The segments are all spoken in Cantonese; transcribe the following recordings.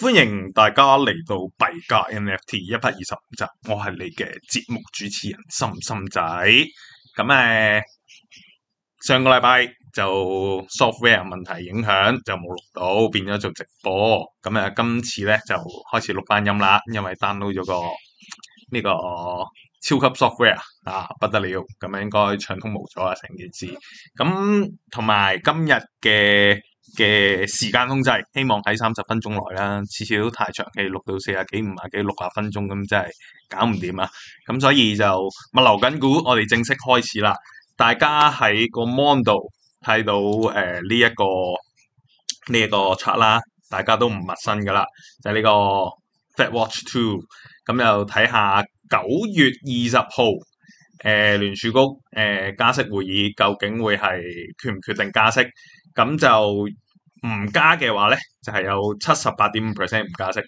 歡迎大家嚟到幣加 NFT 一百二十五集，我係你嘅節目主持人心心仔。咁、嗯、誒，上個禮拜就 software 問題影響就冇錄到，變咗做直播。咁、嗯、誒，今次咧就開始錄翻音啦，因為 download 咗個呢、這個超級 software 啊，不得了。咁、嗯、啊，應該暢通無阻啊，成件事。咁同埋今日嘅。嘅時間控制，希望喺三十分鐘內啦。次次都太長期，嘅六到四十幾、五十幾、六十分鐘咁，真係搞唔掂啊！咁所以就物、嗯、流緊股，我哋正式開始啦。大家喺個 mon 度睇到誒呢一個呢一個 chart 啦，大家都唔陌生噶啦，就係呢個 FedWatch Two。咁又睇下九月二十號誒聯儲局誒、呃、加息會議究竟會係決唔決定加息，咁就。唔加嘅話咧，就係有七十八點五 percent 唔加息；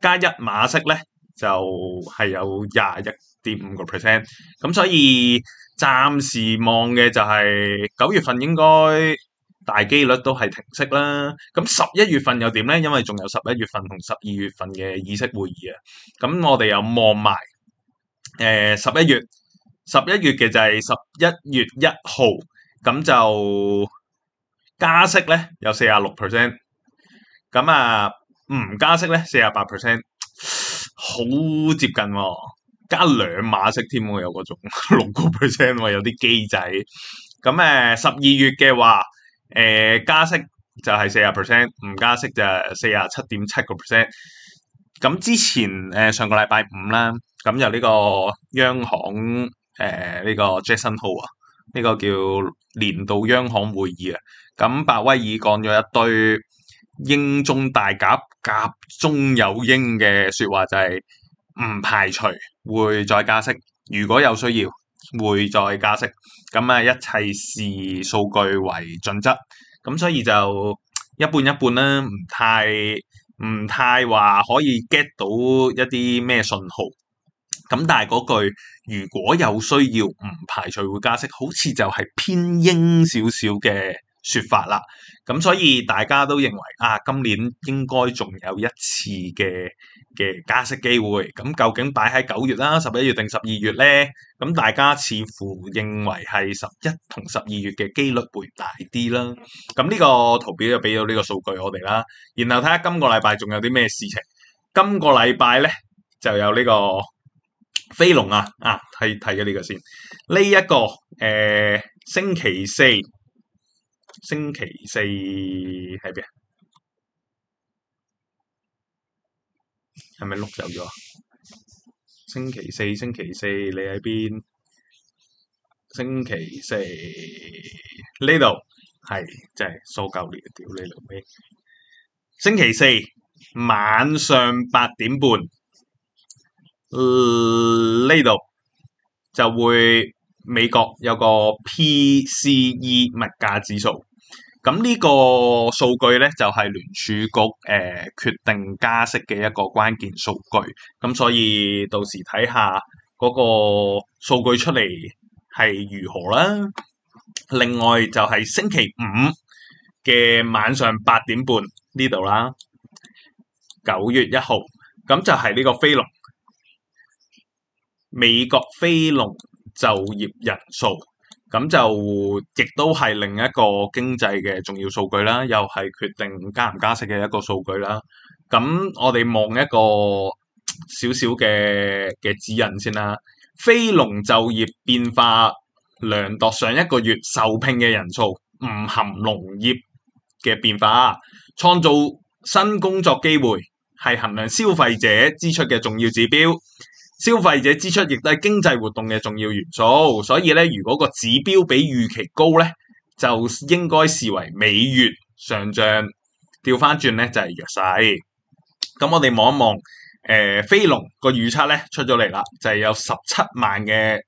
加一碼息咧，就係有廿一點五個 percent。咁所以暫時望嘅就係九月份應該大機率都係停息啦。咁十一月份又點咧？因為仲有十一月份同十二月份嘅議息會議啊。咁我哋又望埋誒十一月，十一月嘅就係十一月一號，咁就。加息咧有四啊六 percent，咁啊唔加息咧四啊八 percent，好接近喎、哦，加兩碼息添喎，有嗰種六個 percent 喎，有啲機仔咁誒，十二月嘅話，誒、呃、加息就係四啊 percent，唔加息就四啊七點七個 percent。咁之前誒、呃、上個禮拜五啦，咁由呢個央行誒呢、呃這個 Jackson Hole 啊。呢個叫年度央行會議啊，咁白威爾講咗一堆英中大鴿鴿中有英嘅説話，就係唔排除會再加息，如果有需要會再加息，咁啊一切視數據為準則，咁所以就一半一半啦，唔太唔太話可以 get 到一啲咩信號。咁但係嗰句如果有需要唔排除會加息，好似就係偏鷹少少嘅説法啦。咁所以大家都認為啊，今年應該仲有一次嘅嘅加息機會。咁究竟擺喺九月啦、十一月定十二月呢？咁大家似乎認為係十一同十二月嘅機率會大啲啦。咁呢個圖表就俾咗呢個數據我哋啦。然後睇下今個禮拜仲有啲咩事情。今個禮拜呢就有呢個。飛龍啊，啊，睇睇咗呢個先。呢、這、一個誒，星期四，星期四喺邊？係咪碌走咗？星期四，星期四，你喺邊？星期四呢度係，真係數夠你屌你老味。星期四晚上八點半。呢度、嗯、就會美國有個 PCE 物價指數，咁呢個數據咧就係聯儲局誒、呃、決定加息嘅一個關鍵數據，咁所以到時睇下嗰個數據出嚟係如何啦。另外就係星期五嘅晚上八點半呢度啦，九月一號，咁就係呢個非農，美國非農就業人數咁就亦都係另一個經濟嘅重要數據啦，又係決定加唔加息嘅一個數據啦。咁我哋望一個少少嘅嘅指引先啦。非農就業變化量度上一個月受聘嘅人數，唔含農業嘅變化啊，創造新工作機會係衡量消費者支出嘅重要指標。消費者支出亦都係經濟活動嘅重要元素，所以咧，如果個指標比預期高咧，就應該視為美元上漲。掉返轉咧，就係弱勢。咁我哋望一望，誒飛龍個預測咧出咗嚟啦，就係有十七萬嘅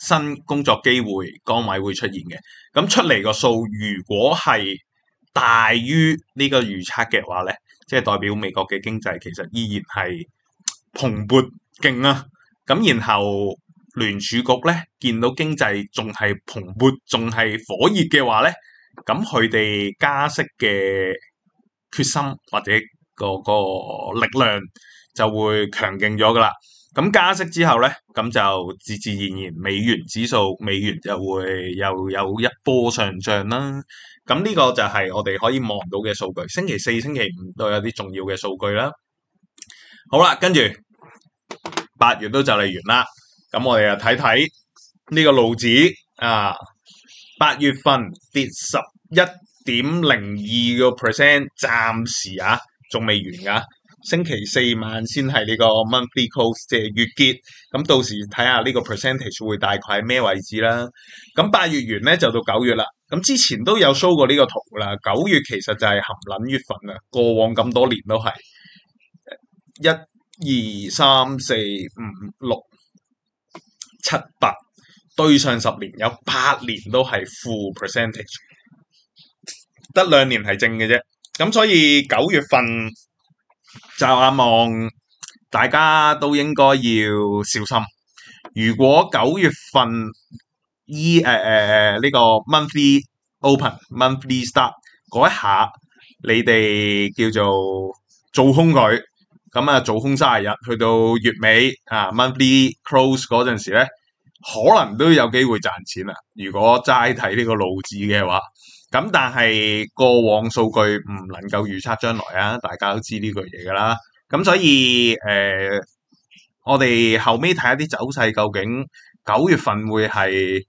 新工作機會崗位會出現嘅。咁出嚟個數如果係大於呢個預測嘅話咧，即係代表美國嘅經濟其實依然係蓬勃。勁啊！咁然後聯儲局咧見到經濟仲係蓬勃，仲係火熱嘅話咧，咁佢哋加息嘅決心或者個個力量就會強勁咗㗎喇。咁加息之後咧，咁就自自然然美元指數美元就會又有一波上漲啦。咁呢個就係我哋可以望到嘅數據。星期四、星期五都有啲重要嘅數據啦。好啦，跟住。八月都就嚟完啦，咁我哋又睇睇呢個路指啊，八月份跌十一點零二個 percent，暫時啊仲未完噶，星期四晚先係呢個 monthly close 即係月結，咁到時睇下呢個 percentage 會大概喺咩位置啦。咁八月完咧就到九月啦，咁之前都有 show 過呢個圖啦，九月其實就係含捻月份啊，過往咁多年都係一。二三四五六七八，對上十年有八年都係負 percentage，得兩年係正嘅啫。咁所以九月份就阿望，大家都應該要小心。如果九月份依誒誒呢個 monthly open、monthly start 一下，你哋叫做做空佢。咁啊，做、嗯、空卅日，去到月尾啊，monthly close 嗰陣時咧，可能都有機會賺錢啦。如果齋睇呢個路子嘅話，咁、嗯、但係過往數據唔能夠預測將來啊，大家都知呢句嘢噶啦。咁、嗯、所以誒、呃，我哋後尾睇下啲走勢，究竟九月份會係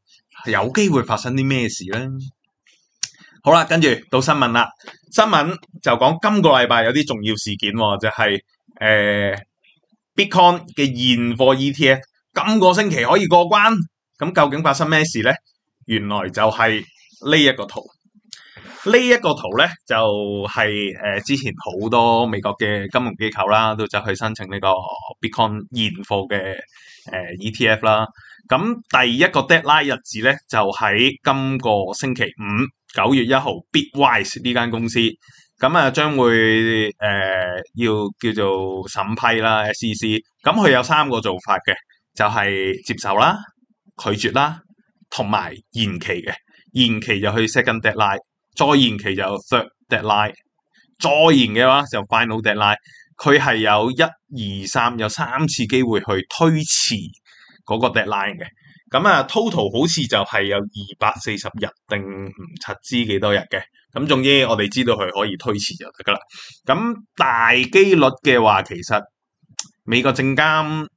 有機會發生啲咩事咧？好啦，跟住到新聞啦，新聞就講今個禮拜有啲重要事件、啊，就係、是。誒、呃、Bitcoin 嘅現貨 ETF 今個星期可以過關，咁究竟發生咩事咧？原來就係呢一個圖，呢、這、一個圖咧就係、是、誒、呃、之前好多美國嘅金融機構啦，都就去申請呢個 Bitcoin 現貨嘅誒、呃、ETF 啦。咁第一個 deadline 日子咧就喺、是、今個星期五九月一號，Bitwise 呢間公司。咁啊，將會誒、呃、要叫做審批啦，SEC 咁佢有三個做法嘅，就係、是、接受啦、拒絕啦，同埋延期嘅。延期就去 second deadline 再延期就 third deadline，再延嘅話就 final deadline。佢係有一二三，有三次機會去推遲嗰個 deadline 嘅。咁啊，total 好似就係有二百四十日定唔柒知幾多日嘅，咁總之我哋知道佢可以推遲就得噶啦。咁大機率嘅話，其實美國證監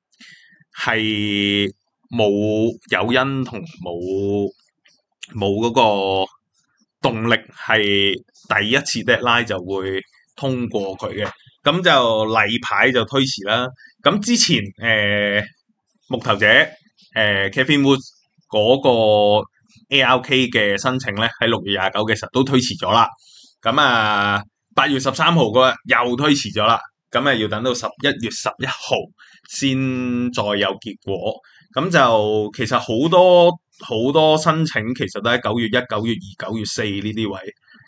係冇誘因同冇冇嗰個動力，係第一次 deadline 就會通過佢嘅。咁就例牌就推遲啦。咁之前誒、呃、木頭姐。誒 Cathie Wood 嗰個 ARK 嘅申請咧，喺六月廿九嘅時候都推遲咗啦。咁、嗯、啊，八、呃、月十三號嗰日又推遲咗啦。咁、嗯、啊，要等到十一月十一號先再有結果。咁、嗯、就其實好多好多申請，其實都喺九月一、九月二、九月四呢啲位。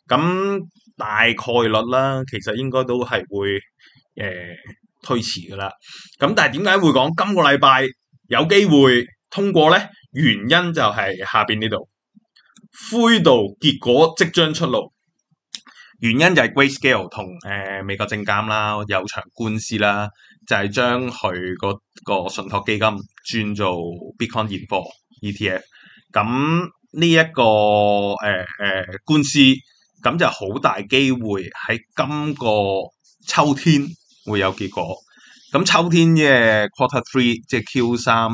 咁大概率啦，其實應該都係會誒、呃、推遲噶啦。咁、嗯、但係點解會講今個禮拜？有機會通過咧，原因就係下邊呢度灰度，結果即將出爐。原因就係 Grayscale 同誒、呃、美國證監啦，有場官司啦，就係將佢個信託基金轉做 Bitcoin 現貨 ETF。咁呢一個誒誒、呃呃、官司，咁就好大機會喺今個秋天會有結果。咁秋天嘅 quarter three，即係 Q 三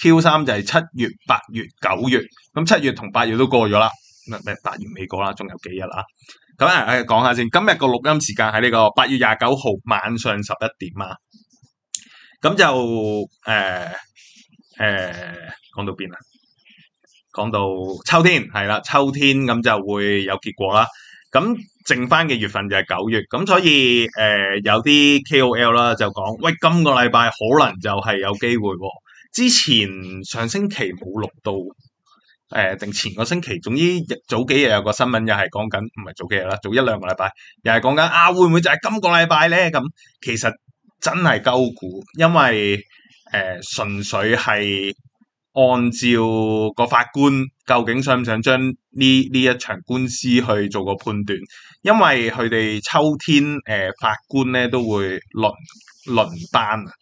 ，Q 三就係七月、八月、九月。咁七月同八月都過咗啦，唔係八月未過啦，仲有幾日啦。咁啊，哎、講下先，今日個錄音時間喺呢個八月廿九號晚上十一點啊。咁就誒誒、呃呃，講到邊啊？講到秋天係啦，秋天咁就會有結果啦。咁剩翻嘅月份就係九月，咁所以誒、呃、有啲 KOL 啦就講，喂今，這個禮拜可能就係有機會，哦，之前上星期冇錄到，誒、呃、定前個星期，總之早幾日有個新聞又係講緊，唔係早幾日啦，早一兩個禮拜又係講緊，啊會唔會就係今個禮拜咧？咁其實真係鳩估，因為誒、呃、純粹係。按照個法官究竟想唔想將呢呢一場官司去做個判斷，因為佢哋秋天誒、呃、法官咧都會輪輪班啊，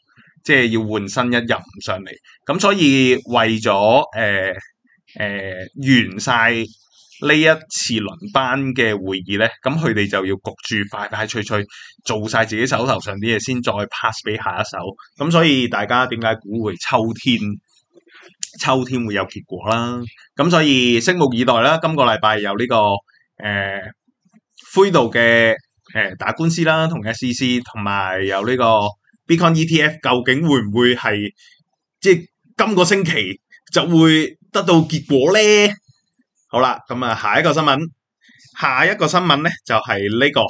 即係要換新一任上嚟，咁所以為咗誒誒完晒呢一次輪班嘅會議咧，咁佢哋就要焗住快快脆脆做晒自己手頭上啲嘢，先再 pass 俾下一手，咁所以大家點解估會秋天？秋天會有結果啦，咁所以拭目以待啦。今個禮拜有呢、這個誒、呃、灰度嘅誒打官司啦，同 SEC 同埋有呢個 Bitcoin E T F，究竟會唔會係即係今個星期就會得到結果咧？好啦，咁、嗯、啊下一個新聞，下一個新聞咧就係、是、呢、這個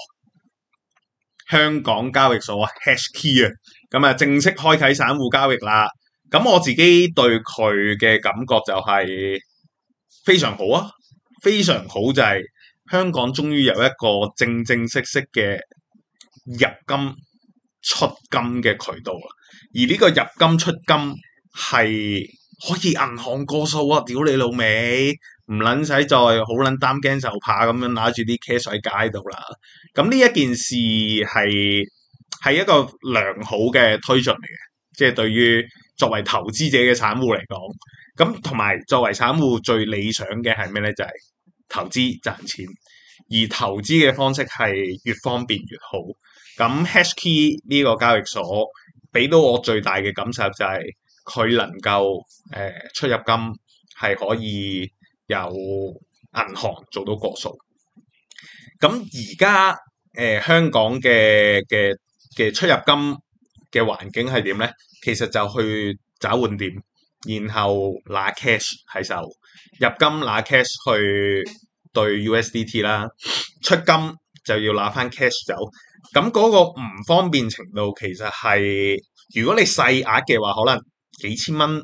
香港交易所啊 HashKey 啊，咁、嗯、啊正式開啟散戶交易啦。咁我自己對佢嘅感覺就係非常好啊，非常好就係香港終於有一個正正式式嘅入金出金嘅渠道啦。而呢個入金出金係可以銀行過數啊！屌你老味，唔撚使再好撚擔驚受怕咁樣攞住啲 cash 喺街度啦。咁呢一件事係係一個良好嘅推進嚟嘅，即係對於，作為投資者嘅散戶嚟講，咁同埋作為散戶最理想嘅係咩咧？就係、是、投資賺錢，而投資嘅方式係越方便越好。咁 HashKey 呢個交易所俾到我最大嘅感受就係佢能夠誒、呃、出入金係可以由銀行做到過數。咁而家誒香港嘅嘅嘅出入金。嘅環境係點咧？其實就去找換店，然後拿 cash 係就入金，拿 cash 去兌 USDT 啦。出金就要拿翻 cash 走。咁嗰個唔方便程度其實係，如果你細額嘅話，可能幾千蚊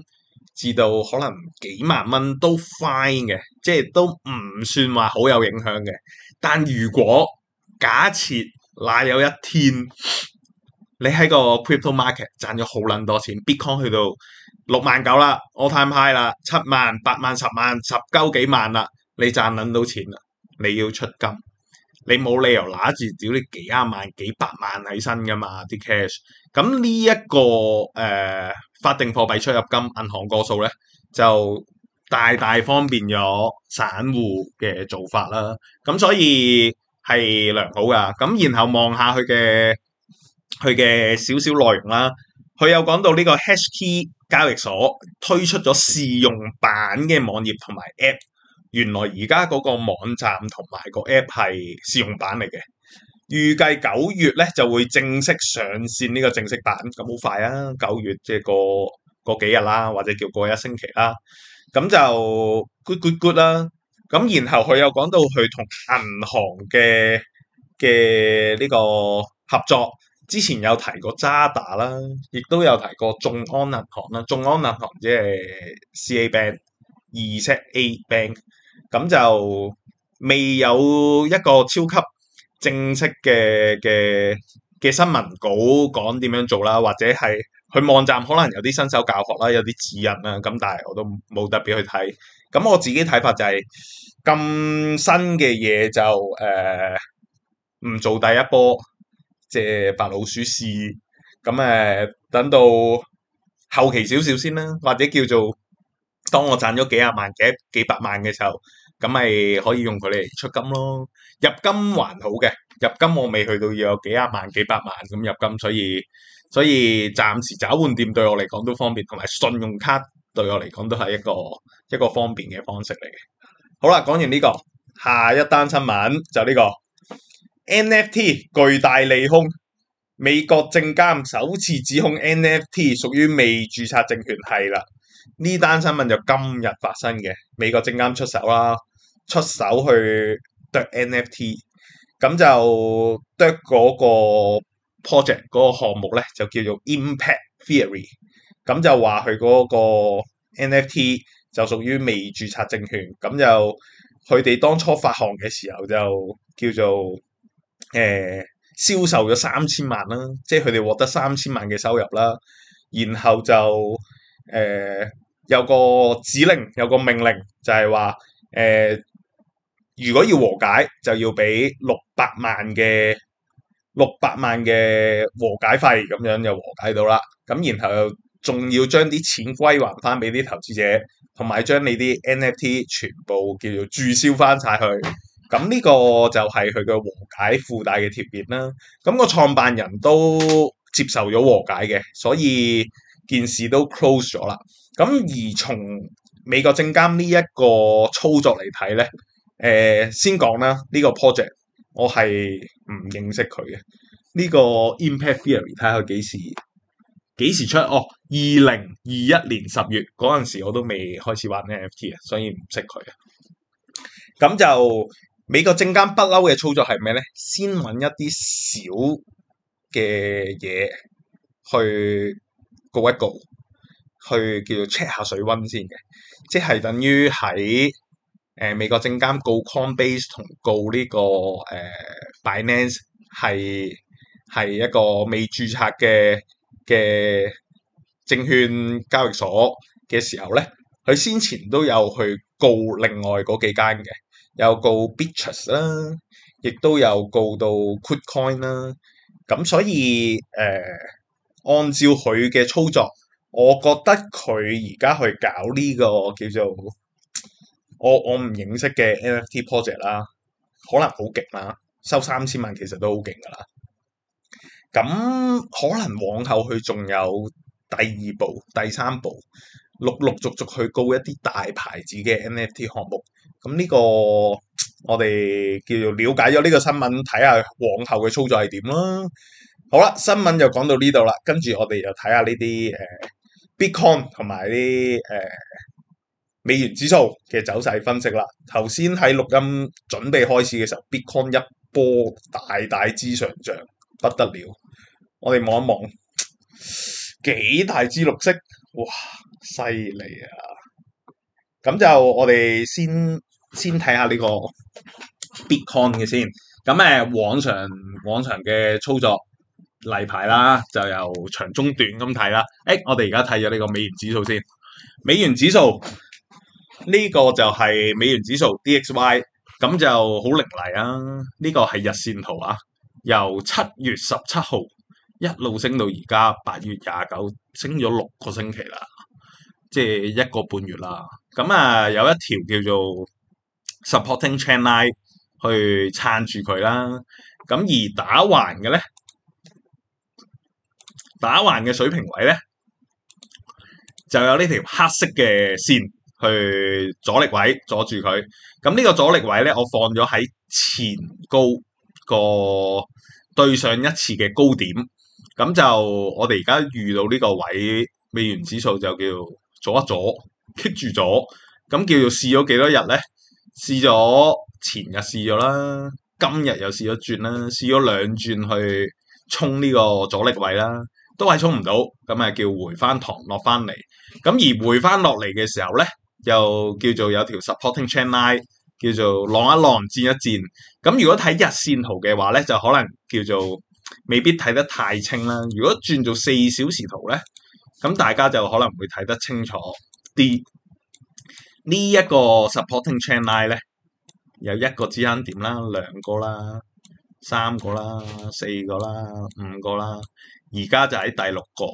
至到可能幾萬蚊都 fine 嘅，即係都唔算話好有影響嘅。但如果假設嗱，有一天，你喺個 crypto market 賺咗好撚多錢，Bitcoin 去到六萬九啦，All time high 啦，七萬、八萬、十萬、十鳩幾萬啦，你賺撚到錢啦，你要出金，你冇理由攞住屌你幾廿萬、幾百萬起身噶嘛啲 cash，咁呢一個誒、呃、法定貨幣出入金銀行個數咧，就大大方便咗散戶嘅做法啦，咁所以係良好噶，咁然後望下佢嘅。佢嘅少少內容啦，佢又講到呢個 HashKey 交易所推出咗試用版嘅網頁同埋 app，原來而家嗰個網站同埋個 app 係試用版嚟嘅，預計九月咧就會正式上線呢個正式版，咁好快啊！九月即係過過幾日啦，或者叫過一星期啦，咁就 good good good 啦。咁然後佢又講到佢同銀行嘅嘅呢個合作。之前有提過渣打啦，亦都有提過眾安銀行啦。眾安銀行即係 CA Bank，ZA Bank，咁就未有一個超級正式嘅嘅嘅新聞稿講點樣做啦，或者係佢網站可能有啲新手教學啦，有啲指引啦。咁但係我都冇特別去睇。咁我自己睇法就係、是、咁新嘅嘢就誒唔、呃、做第一波。借白老鼠試咁誒，等到後期少少先啦，或者叫做當我賺咗幾廿萬、幾幾百萬嘅時候，咁咪可以用佢嚟出金咯。入金還好嘅，入金我未去到要有幾廿萬、幾百萬咁入金，所以所以暫時找換店對我嚟講都方便，同埋信用卡對我嚟講都係一個一個方便嘅方式嚟嘅。好啦，講完呢個，下一單新聞就呢個。NFT 巨大利空，美國證監首次指控 NFT 屬於未註冊證券。係啦，呢單新聞就今日發生嘅，美國證監出手啦，出手去剁 NFT，咁就剁嗰個 project 嗰個項目咧，就叫做 Impact Theory，咁就話佢嗰個 NFT 就屬於未註冊證券，咁就佢哋當初發行嘅時候就叫做。誒銷、呃、售咗三千萬啦，即係佢哋獲得三千萬嘅收入啦。然後就誒、呃、有個指令，有個命令，就係話誒如果要和解，就要俾六百萬嘅六百萬嘅和解費，咁樣就和解到啦。咁然後仲要將啲錢歸還翻俾啲投資者，同埋將你啲 NFT 全部叫做註銷翻晒去。咁呢個就係佢嘅和解附帶嘅條件啦。咁個創辦人都接受咗和解嘅，所以件事都 close 咗啦。咁而從美國證監呢一個操作嚟睇咧，誒先講啦。呢個 project 我係唔認識佢嘅。呢個 Impact Theory 睇下佢幾時幾時出？哦，二零二一年十月嗰陣時我都未開始玩 NFT 啊，所以唔識佢啊。咁就～美國證監不嬲嘅操作係咩咧？先揾一啲小嘅嘢去告一告，去叫做 check 下水溫先嘅，即係等於喺誒美國證監告 Coinbase 同告呢、這個誒 Binance、呃、係係一個未註冊嘅嘅證券交易所嘅時候咧，佢先前都有去告另外嗰幾間嘅。有告 Bitus e 啦，亦都有告到 KuCoin 啦，咁所以誒、呃，按照佢嘅操作，我覺得佢而家去搞呢、這個叫做我我唔認識嘅 NFT project 啦，可能好勁啦，收三千萬其實都好勁噶啦，咁可能往後佢仲有第二步、第三步，陸陸續續去告一啲大牌子嘅 NFT 項目。咁呢個我哋叫做瞭解咗呢個新聞，睇下往後嘅操作係點啦。好啦，新聞就講到呢度啦，跟住我哋就睇下呢啲誒 Bitcoin 同埋啲誒美元指數嘅走勢分析啦。頭先喺錄音準備開始嘅時候，Bitcoin 一波大大支上漲，不得了。我哋望一望幾大支綠色，哇，犀利啊！咁就我哋先。先睇下呢個 Bitcoin 嘅先，咁誒、啊、往常往常嘅操作例牌啦，就由長中短咁睇啦。誒、欸，我哋而家睇咗呢個美元指數先，美元指數呢、這個就係美元指數 DXY，咁就好凌厲啊！呢、這個係日線圖啊，由七月十七號一路升到而家八月廿九，升咗六個星期啦，即係一個半月啦。咁啊，有一條叫做 supporting trend line 去撐住佢啦。咁而打橫嘅咧，打橫嘅水平位咧，就有呢條黑色嘅線去阻力位阻住佢。咁呢個阻力位咧，我放咗喺前高個對上一次嘅高點。咁就我哋而家遇到呢個位，美元指數就叫阻一阻，棘住咗。咁叫做試咗幾多日咧？試咗前日試咗啦，今日又試咗轉啦，試咗兩轉去衝呢個阻力位啦，都係衝唔到，咁咪叫回翻堂落翻嚟。咁而回翻落嚟嘅時候咧，又叫做有條 supporting trend line，叫做浪一浪戰一戰。咁如果睇日線圖嘅話咧，就可能叫做未必睇得太清啦。如果轉做四小時圖咧，咁大家就可能會睇得清楚啲。呢一個 supporting trend line 咧，有一個支撐點啦，兩個啦，三個啦，四個啦，五個啦，而家就喺第六個。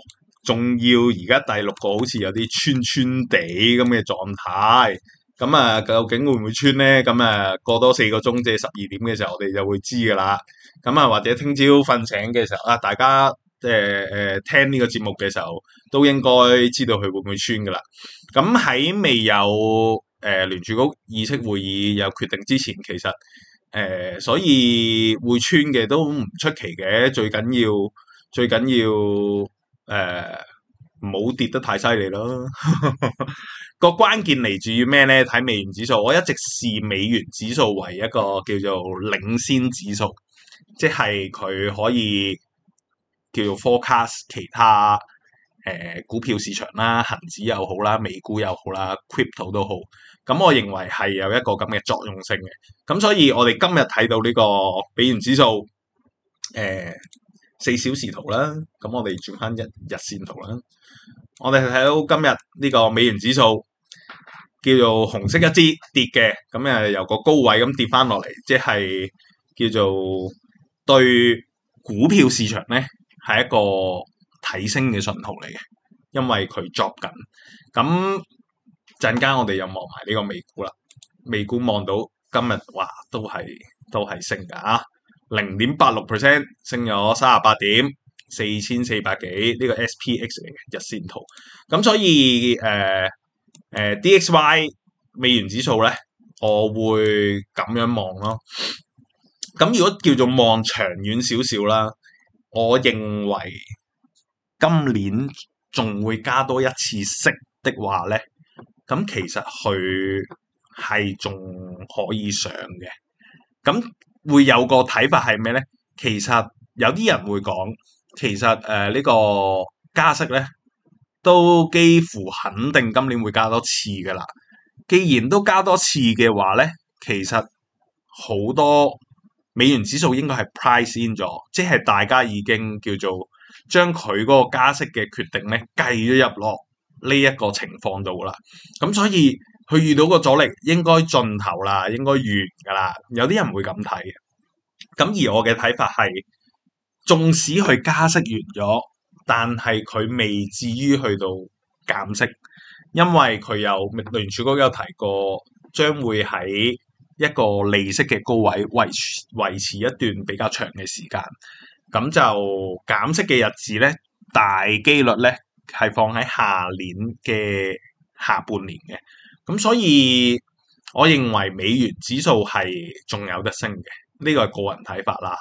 仲要而家第六個好似有啲穿穿地咁嘅狀態。咁啊，究竟會唔會穿咧？咁啊，過多四個鐘，即係十二點嘅時候，我哋就會知噶啦。咁啊，或者聽朝瞓醒嘅時候啊，大家。誒誒、呃，聽呢個節目嘅時候都應該知道佢會唔會穿噶啦。咁喺未有誒、呃、聯儲局議息會議有決定之前，其實誒、呃，所以會穿嘅都唔出奇嘅。最緊要，最緊要誒，唔好、呃、跌得太犀利咯。個 關鍵嚟自於咩咧？睇美元指數，我一直視美元指數為一個叫做領先指數，即係佢可以。叫做 forecast 其他誒、呃、股票市場啦，恒指又好啦，美股又好啦，crypto 都好。咁我認為係有一個咁嘅作用性嘅。咁所以我哋今日睇到呢個美元指數誒四小時圖啦，咁我哋轉翻日日線圖啦。我哋睇到今日呢個美元指數叫做紅色一支跌嘅，咁誒由個高位咁跌翻落嚟，即係叫做對股票市場咧，係一個睇升嘅信號嚟嘅，因為佢作緊。咁陣間我哋又望埋呢個美股啦，美股望到今日哇，都係都係升噶啊，零點八六 percent 升咗三十八點，四千四百幾呢個 S P X 嚟嘅日線圖。咁所以誒誒、呃呃、D X Y 美元指數咧，我會咁樣望咯。咁如果叫做望長遠少少啦。我認為今年仲會加多一次息的話呢，咁其實佢係仲可以上嘅。咁會有個睇法係咩呢？其實有啲人會講，其實誒呢、呃呢個加息呢都幾乎肯定今年會加多次噶啦。既然都加多次嘅話呢，其實好多。美元指數應該係 price in 咗，即係大家已經叫做將佢嗰個加息嘅決定咧計咗入落呢一個情況度啦。咁所以佢遇到個阻力應該盡頭啦，應該完噶啦。有啲人唔會咁睇嘅。咁而我嘅睇法係，縱使佢加息完咗，但係佢未至於去到減息，因為佢有聯儲局有提過將會喺。一個利息嘅高位維維持一段比較長嘅時間，咁就減息嘅日子咧，大機率咧係放喺下年嘅下半年嘅，咁所以我認為美元指數係仲有得升嘅，呢個係個人睇法啦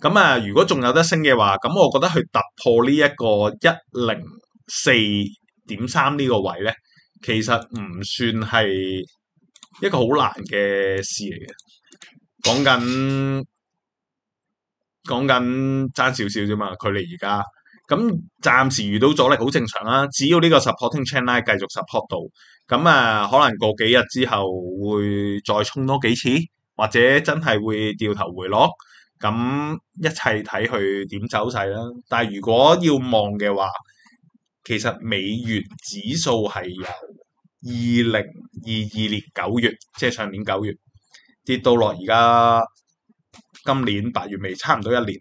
吓咁啊，如果仲有得升嘅話，咁我覺得去突破呢一個一零四點三呢個位咧，其實唔算係。一個好難嘅事嚟嘅，講緊講緊爭少少啫嘛，距離而家咁暫時遇到阻力好正常啦、啊。只要呢個 supporting channel 繼續 support 到，咁、嗯、啊、嗯、可能過幾日之後會再衝多幾次，或者真係會掉頭回落。咁、嗯、一切睇佢點走勢啦。但係如果要望嘅話，其實美元指數係有。二零二二年九月，即係上年九月跌到落而家，今年八月尾差唔多一年，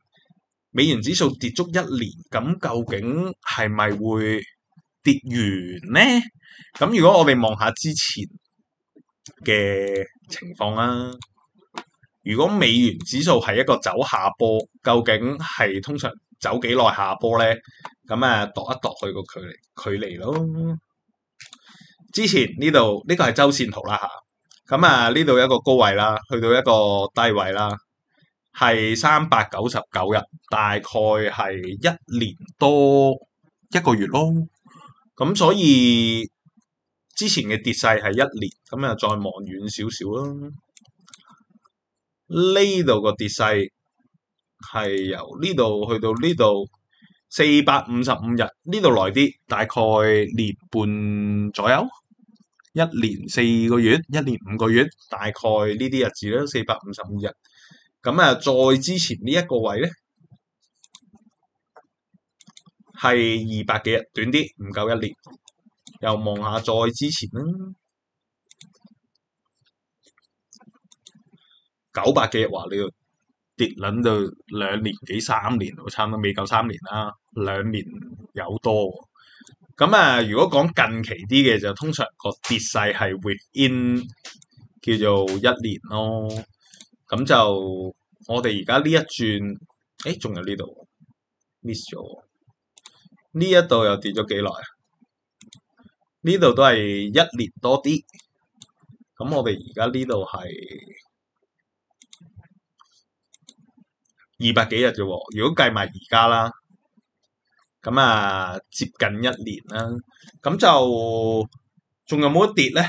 美元指數跌足一年，咁究竟係咪會跌完呢？咁如果我哋望下之前嘅情況啦，如果美元指數係一個走下波，究竟係通常走幾耐下波呢？咁啊，度一度佢個距離距離咯。之前呢度呢個係周線圖啦吓，咁啊呢度一個高位啦，去到一個低位啦，係三百九十九日，大概係一年多一個月咯。咁所以之前嘅跌勢係一年，咁啊再望遠少少咯。呢度個跌勢係由呢度去到呢度四百五十五日，呢度來啲，大概年半左右。一年四個月，一年五個月，大概呢啲日子咧，四百五十五日。咁啊，再之前呢一個位咧係二百幾日，短啲唔夠一年。又望下再之前啦，九百幾日話你要跌撚到兩年幾三年，我差唔多未夠三年啦，兩年有多。咁啊，如果講近期啲嘅就通常個跌勢係 within 叫做一年咯。咁就我哋而家呢一轉，誒仲有呢度 miss 咗喎。呢一度又跌咗幾耐？呢度都係一年多啲。咁我哋而家呢度係二百幾日啫喎。如果計埋而家啦。咁啊，接近一年啦，咁就仲有冇得跌咧？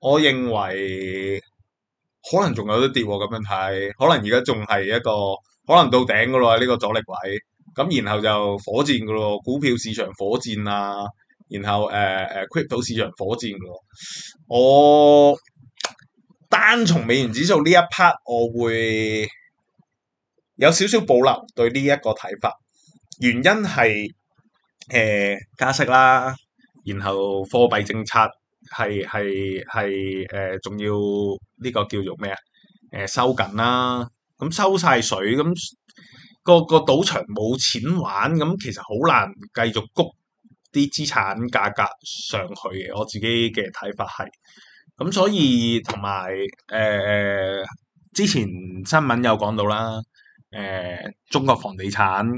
我認為可能仲有得跌喎，咁樣睇，可能而家仲係一個可能到頂噶咯，呢個阻力位。咁然後就火箭噶咯，股票市場火箭啊，然後誒誒、uh, crypto 市場火箭噶咯。我單從美元指數呢一 part，我會有少少保留對呢一個睇法，原因係。誒、呃，加息啦，然後貨幣政策係係係誒，仲、呃、要呢個叫做咩啊？誒、呃，收緊啦，咁、嗯、收晒水，咁、嗯、個個賭場冇錢玩，咁、嗯、其實好難繼續谷啲資產價格上去嘅。我自己嘅睇法係，咁、嗯、所以同埋誒，之前新聞有講到啦，誒、呃，中國房地產。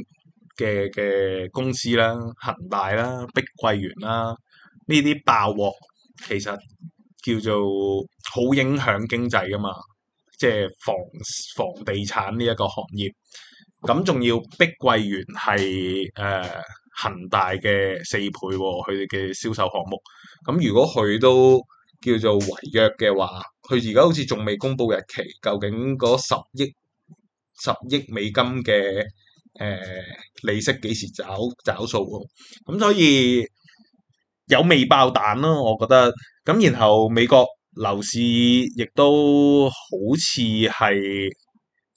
嘅嘅公司啦，恆大啦，碧桂園啦，呢啲爆鑊，其實叫做好影響經濟噶嘛，即係房房地產呢一個行業，咁仲要碧桂園係誒恆大嘅四倍喎、哦，佢哋嘅銷售項目，咁如果佢都叫做違約嘅話，佢而家好似仲未公布日期，究竟嗰十億十億美金嘅。誒、呃，利息幾時找找數？咁所以有未爆彈咯，我覺得。咁然後美國樓市亦都好似係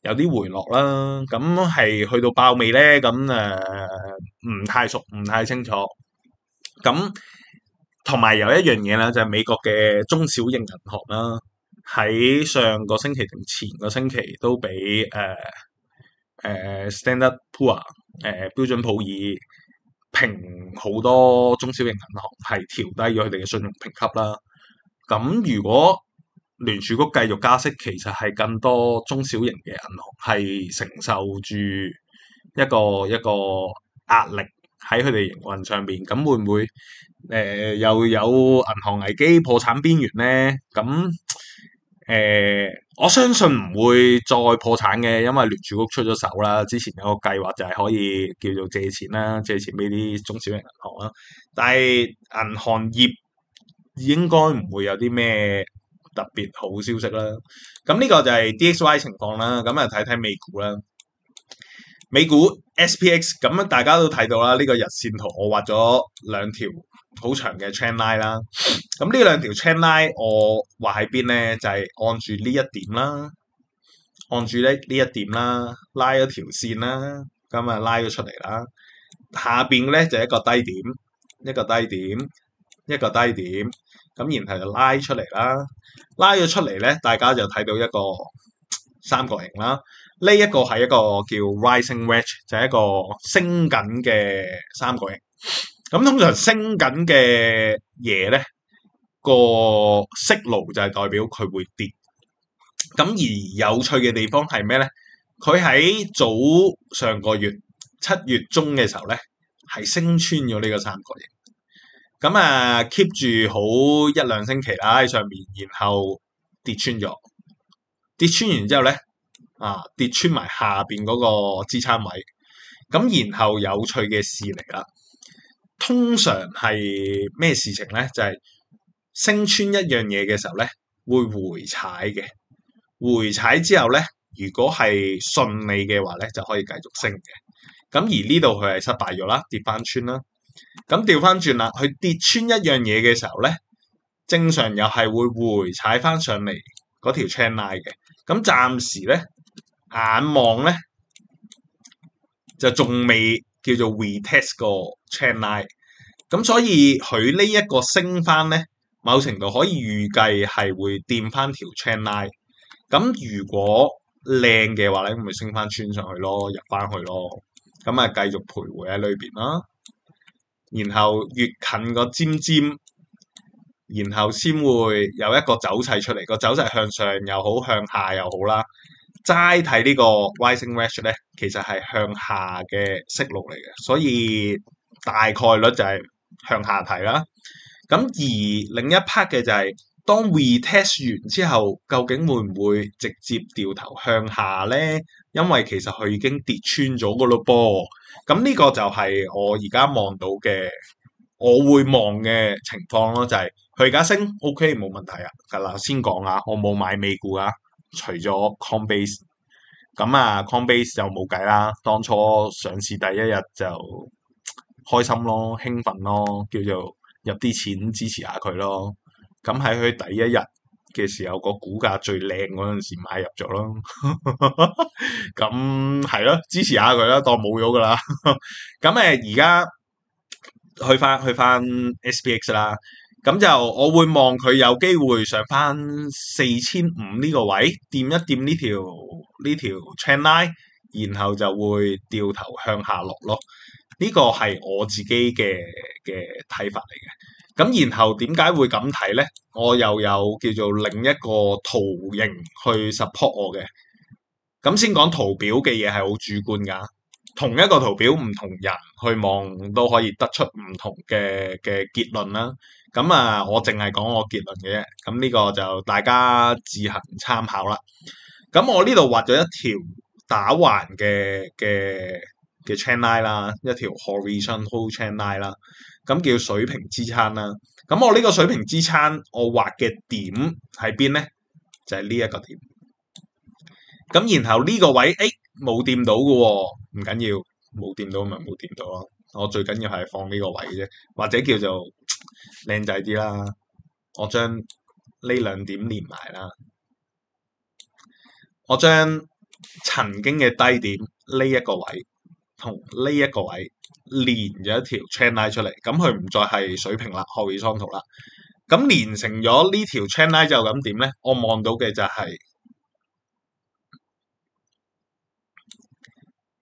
有啲回落啦。咁係去到爆未咧？咁誒，唔、呃、太熟，唔太清楚。咁同埋有一樣嘢咧，就係、是、美國嘅中小型銀行啦，喺上個星期同前個星期都俾誒。呃誒、呃、Standard Poor 誒、呃、標準普爾評好多中小型銀行，係調低咗佢哋嘅信用評級啦。咁如果聯儲局繼續加息，其實係更多中小型嘅銀行係承受住一個一個壓力喺佢哋營運上面。咁會唔會誒、呃、又有銀行危機破產邊緣呢？咁誒、呃我相信唔會再破產嘅，因為聯儲局出咗手啦。之前有個計劃就係可以叫做借錢啦，借錢俾啲中小型銀行啦。但係銀行業應該唔會有啲咩特別好消息啦。咁呢個就係 DXY 情況啦。咁啊睇睇美股啦，美股 SPX 咁啊，大家都睇到啦。呢個日線圖我畫咗兩條。好長嘅 trend line 啦，咁呢兩條 trend line 我話喺邊咧？就係按住呢一點啦，按住咧呢一點啦，拉咗條線啦，咁啊拉咗出嚟啦。下邊咧就係一個低點，一個低點，一個低點，咁然後就拉出嚟啦，拉咗出嚟咧，大家就睇到一個三角形啦。呢一個係一個叫 rising wedge，就係一個升緊嘅三角形。咁通常升緊嘅嘢咧，個色爐就係代表佢會跌。咁而有趣嘅地方係咩咧？佢喺早上個月七月中嘅時候咧，係升穿咗呢個三角形。咁啊，keep 住好一兩星期啦喺上面，然後跌穿咗。跌穿完之後咧，啊跌穿埋下邊嗰個支撐位。咁然後有趣嘅事嚟啦～通常係咩事情咧？就係升穿一樣嘢嘅時候咧，會回踩嘅。回踩之後咧，如果係順利嘅話咧，就可以繼續升嘅。咁而呢度佢係失敗咗啦，跌翻穿啦。咁調翻轉啦，佢跌穿一樣嘢嘅時候咧，正常又係會回踩翻上嚟嗰條 channel 嘅。咁暫時咧，眼望咧就仲未。叫做 We test 個 chain line，咁所以佢呢一個升翻咧，某程度可以預計係會掂翻條 chain line。咁如果靚嘅話咧，咪升翻穿上去咯，入翻去咯。咁啊，繼續徘徊喺裏邊啦。然後越近個尖尖，然後先會有一個走勢出嚟。個走勢向上又好，向下又好啦。齋睇呢個 rising wedge 咧，其實係向下嘅息路嚟嘅，所以大概率就係向下睇啦。咁而另一 part 嘅就係、是、當 retest 完之後，究竟會唔會直接掉頭向下咧？因為其實佢已經跌穿咗個咯噃。咁、嗯、呢、這個就係我而家望到嘅，我會望嘅情況咯，就係佢而家升，OK 冇問題啊。嗱，先講下，我冇買美股啊。除咗 Coinbase，咁啊 Coinbase 就冇計啦。當初上市第一日就開心咯，興奮咯，叫做入啲錢支持下佢咯。咁喺佢第一日嘅時候，個股價最靚嗰陣時買入咗咯。咁係咯，支持下佢、 呃、啦，當冇咗噶啦。咁誒而家去翻去翻 SPX 啦。咁就我會望佢有機會上翻四千五呢個位，掂一掂呢條呢條 channel line，然後就會掉頭向下落咯。呢、呢個係我自己嘅嘅睇法嚟嘅。咁然後點解會咁睇咧？我又有叫做另一個圖形去 support 我嘅。咁先講圖表嘅嘢係好主觀噶，同一個圖表唔同人去望都可以得出唔同嘅嘅結論啦。咁啊，我淨係講我結論嘅啫，咁呢個就大家自行參考啦。咁我呢度畫咗一條打橫嘅嘅嘅 channel 啦，一條 horizontal channel 啦，咁叫水平支撐啦。咁我呢個水平支撐，我畫嘅點喺邊咧？就係呢一個點。咁然後呢個位誒冇掂到嘅，哦，唔緊要，冇掂到咪冇掂到咯。我最緊要係放呢個位啫，或者叫做。靚仔啲啦，我將呢兩點連埋啦，我將曾經嘅低點呢一個位同呢一個位連咗一條 channel 出嚟，咁佢唔再係水平啦，荷爾桑圖啦，咁連成咗呢條 channel 之後咁點呢？我望到嘅就係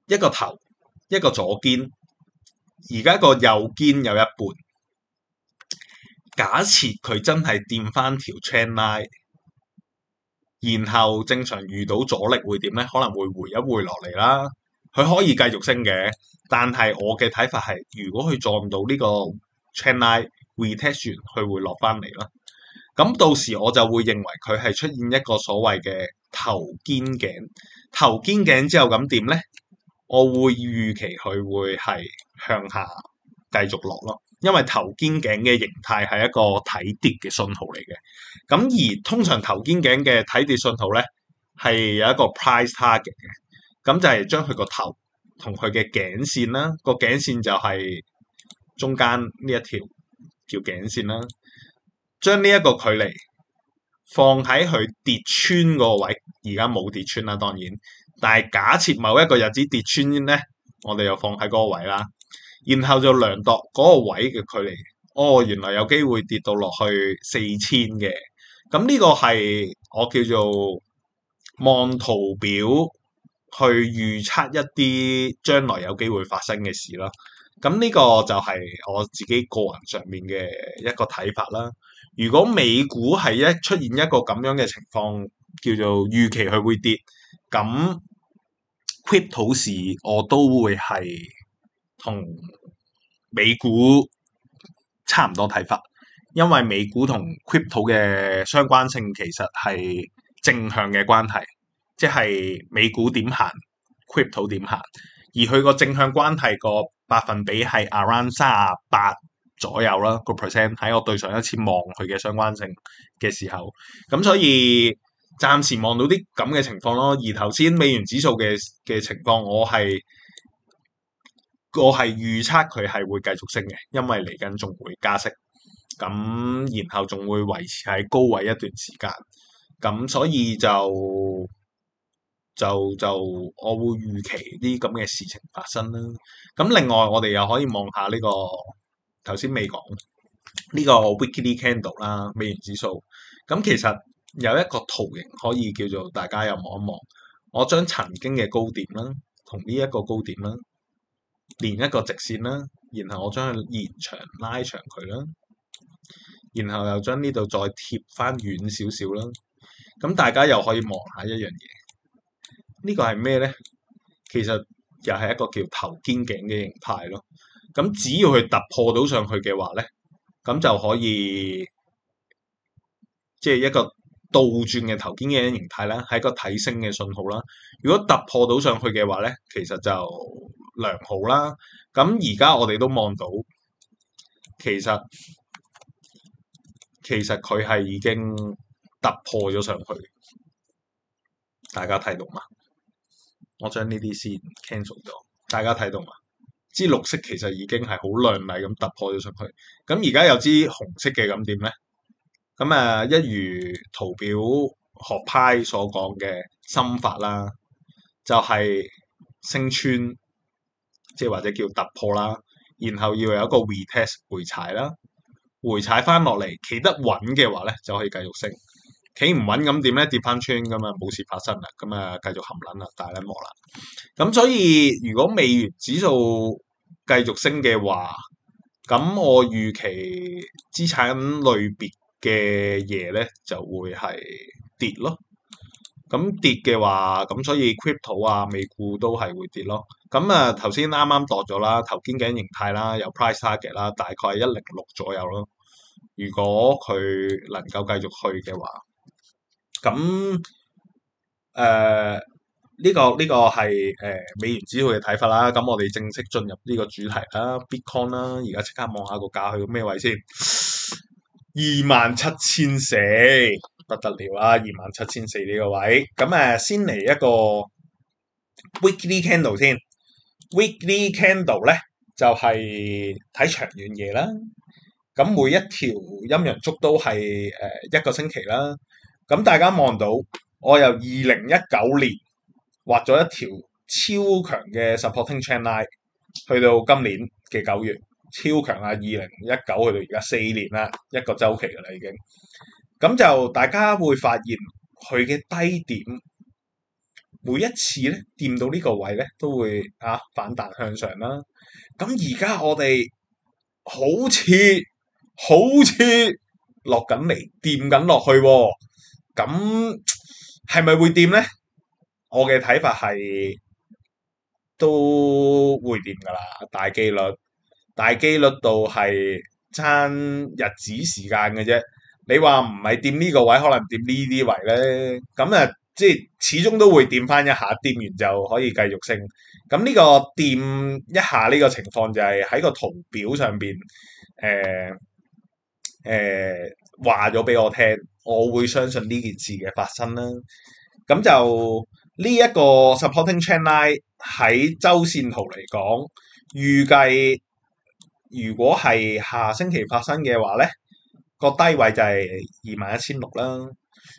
一個頭，一個左肩，而家個右肩有一半。假設佢真係掂翻條 channel，然後正常遇到阻力會點咧？可能會回一回落嚟啦。佢可以繼續升嘅，但係我嘅睇法係，如果佢撞到呢個 channel，retouch，佢會落翻嚟啦。咁到時我就會認為佢係出現一個所謂嘅頭肩頸。頭肩頸之後咁點咧？我會預期佢會係向下繼續落咯。因為頭肩頸嘅形態係一個睇跌嘅信號嚟嘅，咁而通常頭肩頸嘅睇跌信號咧係有一個 price target 嘅，咁就係將佢個頭同佢嘅頸線啦，個頸線就係中間呢一條叫頸線啦，將呢一個距離放喺佢跌穿嗰個位，而家冇跌穿啦，當然，但係假設某一個日子跌穿咧，我哋又放喺嗰個位啦。然後就量度嗰個位嘅距離，哦，原來有機會跌到落去四千嘅。咁呢個係我叫做望圖表去預測一啲將來有機會發生嘅事啦。咁呢個就係我自己個人上面嘅一個睇法啦。如果美股係一出現一個咁樣嘅情況，叫做預期佢會跌，咁 crypto 貨市我都會係。同美股差唔多睇法，因為美股同 crypto 嘅相關性其實係正向嘅關係，即係美股點行，crypto 點行，而佢個正向關係個百分比係 around 三啊八左右啦，個 percent 喺我對上一次望佢嘅相關性嘅時候，咁，所以暫時望到啲咁嘅情況咯。而頭先美元指數嘅嘅情況我，我係。我係預測佢係會繼續升嘅，因為嚟緊仲會加息，咁然後仲會維持喺高位一段時間，咁所以就就就我會預期啲咁嘅事情發生啦。咁另外我哋又可以望下呢個頭先未講呢個 Weekly Candle 啦，美元指數。咁其實有一個圖形可以叫做大家又望一望，我將曾經嘅高點啦同呢一個高點啦，連一個直線啦，然後我將佢延長拉長佢啦，然後又將呢度再貼翻遠少少啦。咁大家又可以望下一樣嘢，這個、呢個係咩咧？其實又係一個叫頭肩頸嘅形態咯。咁只要佢突破到上去嘅話咧，咁就可以即係、就是、一個倒轉嘅頭肩頸形態啦，係一個睇升嘅信號啦。如果突破到上去嘅話咧，其實就良好啦，咁而家我哋都望到，其實其實佢係已經突破咗上去，大家睇到嗎？我將呢啲先 cancel 咗，大家睇到嘛？支綠色其實已經係好亮麗咁突破咗上去，咁而家有支紅色嘅咁點咧？咁啊，一如圖表學派所講嘅心法啦，就係升穿。即係或者叫突破啦，然後要有一個 retest 回踩啦，回踩翻落嚟企得穩嘅話咧，就可以繼續升；企唔穩，咁點咧？跌翻穿咁啊，冇事發生啦，咁啊繼續含撚啦，大撚磨啦。咁所以如果美元指數繼續升嘅話，咁我預期資產類別嘅嘢咧就會係跌咯。咁跌嘅話，咁所以 crypto 啊、美股都係會跌咯。咁啊，頭先啱啱度咗啦，頭肩頸形態啦，有 price target 啦，大概一零六左右咯。如果佢能夠繼續去嘅話，咁誒呢個呢、呢個係誒、呃、美元指數嘅睇法啦。咁我哋正式進入呢個主題啦，Bitcoin 啦，而家即刻望下個價去到咩位先？二萬七千四，不得了啊！二萬七千四呢個位，咁誒、呃、先嚟一個 weekly candle 先。Weekly candle 咧就係睇長遠嘢啦，咁每一條陰陽燭都係誒一個星期啦。咁大家望到，我由二零一九年畫咗一條超強嘅 supporting trend line，去到今年嘅九月，超強啊！二零一九去到而家四年啦，一個週期啦已經。咁就大家會發現佢嘅低點。每一次咧掂到呢個位咧，都會啊反彈向上啦。咁而家我哋好似好似落緊嚟，掂緊落去喎。咁係咪會掂咧？我嘅睇法係都會掂噶啦，大機率，大機率度係差日子時間嘅啫。你話唔係掂呢個位，可能掂呢啲位咧。咁啊～即係始終都會掂翻一下，掂完就可以繼續升。咁呢個掂一下呢個情況就係喺個圖表上邊，誒誒話咗俾我聽，我會相信呢件事嘅發生啦。咁就呢一個 supporting trend line 喺周綫圖嚟講，預計如果係下星期發生嘅話咧，個低位就係二萬一千六啦。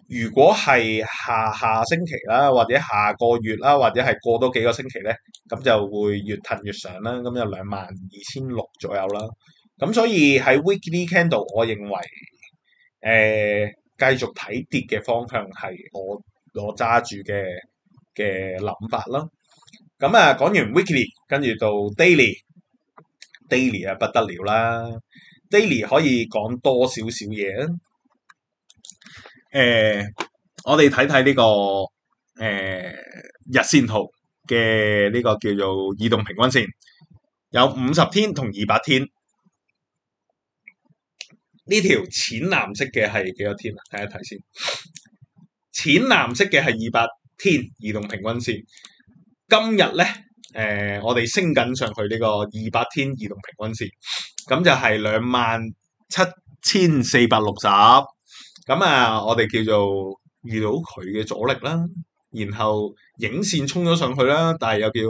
如果係下下星期啦，或者下個月啦，或者係過多幾個星期咧，咁就會越騰越上啦。咁有兩萬二千六左右啦。咁所以喺 Weekly Candle，我認為誒繼、呃、續睇跌嘅方向係我我揸住嘅嘅諗法啦。咁啊，講完 Weekly，跟住到 Daily，Daily 啊 da 不得了啦。Daily 可以講多少少嘢。誒、呃，我哋睇睇呢個誒、呃、日線圖嘅呢個叫做移動平均線，有五十天同二百天。呢條淺藍色嘅係幾多天啊？睇一睇先。淺藍色嘅係二百天移動平均線。今日咧，誒、呃、我哋升緊上去呢個二百天移動平均線，咁就係兩萬七千四百六十。咁啊，我哋叫做遇到佢嘅阻力啦，然後影線衝咗上去啦，但係又叫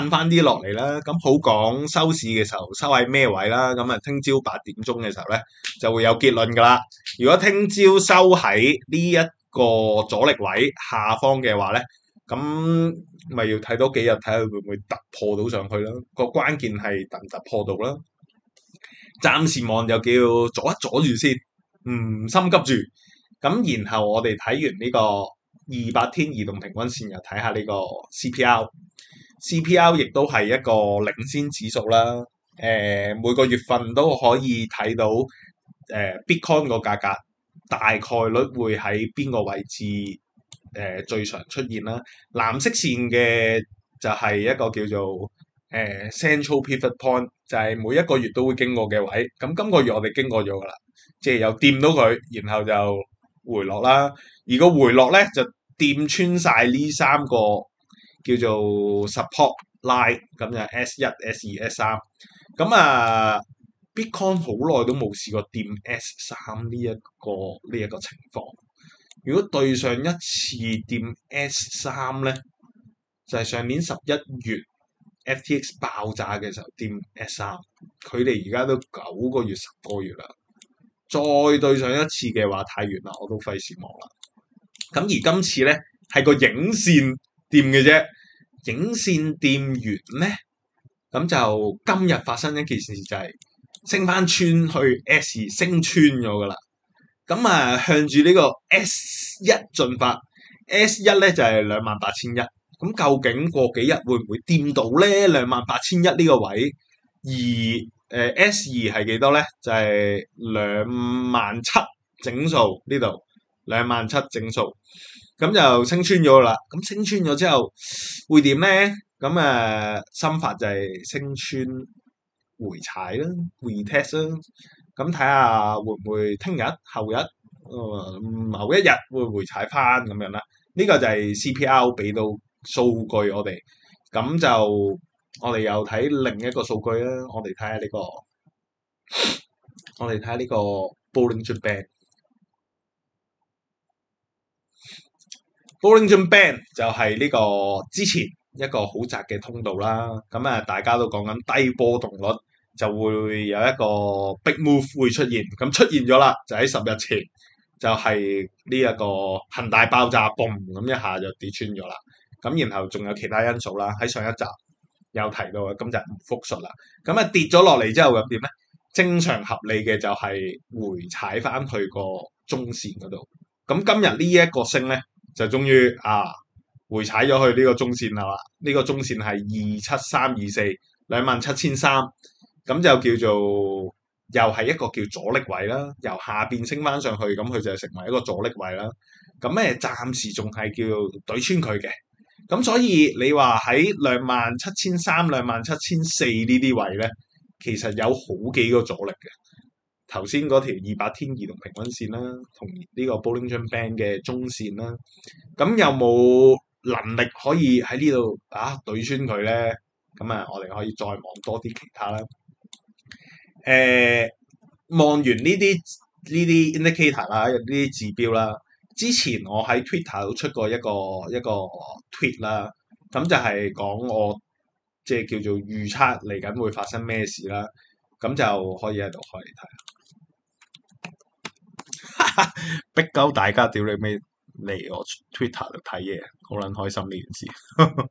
褪翻啲落嚟啦。咁好講收市嘅時候收喺咩位啦？咁啊，聽朝八點鐘嘅時候咧就會有結論噶啦。如果聽朝收喺呢一個阻力位下方嘅話咧，咁咪要睇多幾日睇下會唔會突破到上去啦？個關鍵係突唔突破到啦。暫時望就叫阻一阻住先。唔、嗯、心急住，咁然後我哋睇完呢個二百天移動平均線，又睇下呢個 CPR。CPR 亦都係一個領先指數啦。誒、呃、每個月份都可以睇到誒、呃、Bitcoin 個價格大概率會喺邊個位置誒、呃、最常出現啦。藍色線嘅就係一個叫做誒、呃、Central Pivot Point。就係每一個月都會經過嘅位，咁今個月我哋經過咗噶啦，即係又掂到佢，然後就回落啦。而個回落咧就掂穿晒呢三個叫做 support line，咁就 S 一、S 二、啊、S 三、這個。咁啊，Bitcoin 好耐都冇試過掂 S 三呢一個呢一個情況。如果對上一次掂 S 三咧，就係、是、上年十一月。FTX 爆炸嘅時候掂 S 三，佢哋而家都九個月十個月啦，再對上一次嘅話太遠啦，我都費事望啦。咁而今次咧係個影線掂嘅啫，影線掂完咧，咁就今日發生一件事就係、是、升翻穿去 S 2, 升穿咗噶啦。咁啊向住呢個 S 一進發，S 一咧就係兩萬八千一。咁究竟過幾日會唔會掂到咧？兩萬八千一呢個位，而誒 S 二係幾多咧？就係兩萬七整數呢度，兩萬七整數，咁就升穿咗啦。咁升穿咗之後會點咧？咁誒心法就係升穿回踩啦，retest 啦，咁睇下會唔會聽日、後日、某一日會回踩翻咁樣啦。呢個就係 CPR 俾到。數據，我哋咁，就我哋又睇另一個數據啦，我哋睇下呢個，我哋睇下呢個 Bollinger Band，Bollinger Band 就係呢個之前一個好窄嘅通道啦。咁啊，大家都講緊低波動率就會有一個 big move 會出現，咁出現咗啦，就喺十日前就係呢一個恒大爆炸 boom 咁一下就跌穿咗啦。咁然後仲有其他因素啦，喺上一集又提到嘅，今日唔復述啦。咁啊跌咗落嚟之後咁點咧？正常合理嘅就係回踩翻去個中線嗰度。咁今日呢一個升咧，就終於啊回踩咗去呢個中線啦。呢個中線係二七三二四兩萬七千三，咁就叫做又係一個叫阻力位啦。由下邊升翻上去，咁佢就成為一個阻力位啦。咁誒暫時仲係叫對穿佢嘅。咁所以你話喺兩萬七千三、兩萬七千四呢啲位咧，其實有好幾個阻力嘅。頭先嗰條二百天移動平均線啦，同呢個 Bollinger Band 嘅中線啦，咁有冇能力可以喺呢度啊對穿佢咧？咁啊，我哋可以再望多啲其他啦。誒、呃，望完呢啲呢啲 indicator 啦，呢啲指標啦。之前我喺 Twitter 出過一個一個 tweet 啦，咁就係講我即係叫做預測嚟緊會發生咩事啦，咁就可以喺度開嚟睇。逼鳩 大家屌你咩嚟我 Twitter 度睇嘢，好撚開心呢件事，